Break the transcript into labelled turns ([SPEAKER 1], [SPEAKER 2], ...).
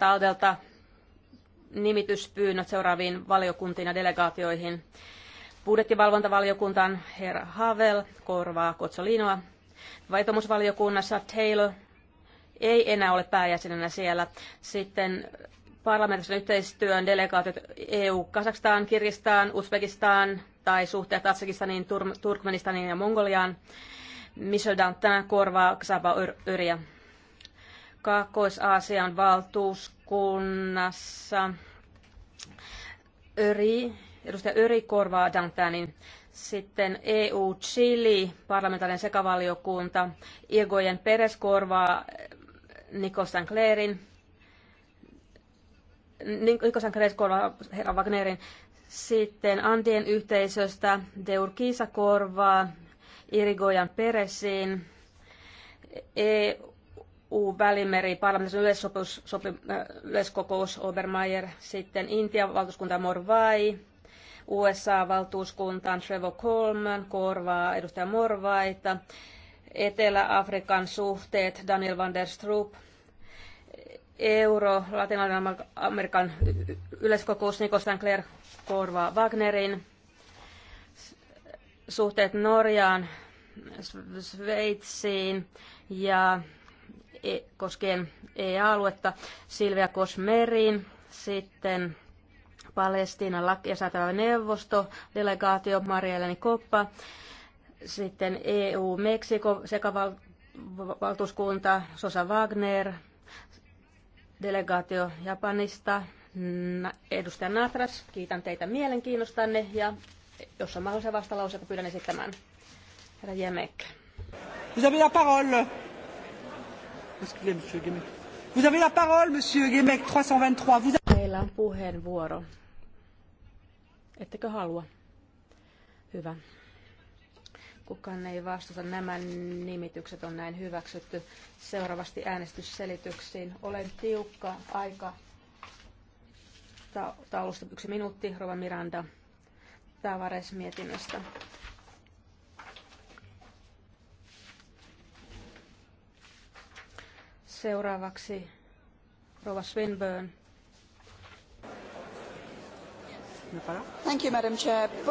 [SPEAKER 1] Taudelta nimityspyynnöt seuraaviin valiokuntiin ja delegaatioihin. Budjettivalvontavaliokuntaan herra Havel korvaa Kotsolinoa. Vaitomusvaliokunnassa Taylor ei enää ole pääjäsenenä siellä. Sitten parlamentaarisen yhteistyön delegaatiot EU Kasakstaan, Kirgistaan, Uzbekistaan tai suhteet Tatsikistaniin, Turkmenistaniin ja Mongoliaan. Michel Dantin korvaa Xaba Öriä. Kaakkois-Aasian valtuuskunnassa. Öri, edustaja Öri korvaa Dantanin. Sitten EU Chili, parlamentaarinen sekavaliokunta. Irgojen Peres korvaa eh, Nico Sanclerin. Nico Sanclerin korvaa herra Wagnerin. Sitten Andien yhteisöstä Deur Kiisa korvaa Irigoyan Peresin. EU EU-välimeri, parlamentin äh, yleiskokous Obermeier, sitten Intian valtuuskunta Morvai, usa valtuuskunta Trevor Coleman korvaa edustaja Morvaita, Etelä-Afrikan suhteet Daniel van der Stroop, euro, Latinalainen-Amerikan yleiskokous Nico Sinclair korvaa Wagnerin, suhteet Norjaan, Sveitsiin ja E, koskien ea aluetta Silvia Kosmerin, sitten Palestiinan ja säätävä neuvosto, delegaatio Marieleni Koppa, sitten EU-Meksiko sekä valtuuskunta Sosa Wagner, delegaatio Japanista, edustaja Natras, kiitän teitä mielenkiinnostanne ja jos on mahdollisia vastalauseita, pyydän esittämään. Herra Jemek. Vous avez la parole. Vous avez la parole, monsieur Gemek 323. Vous... Teillä on puheenvuoro. Ettekö halua? Hyvä. Kukaan ei vastusta. Nämä nimitykset on näin hyväksytty. Seuraavasti äänestysselityksiin. Olen tiukka aika taulusta yksi minuutti. Rova Miranda Tavares mietinnöstä. Seuraavaksi Rova Swinburne. Thank you, Madam Chair.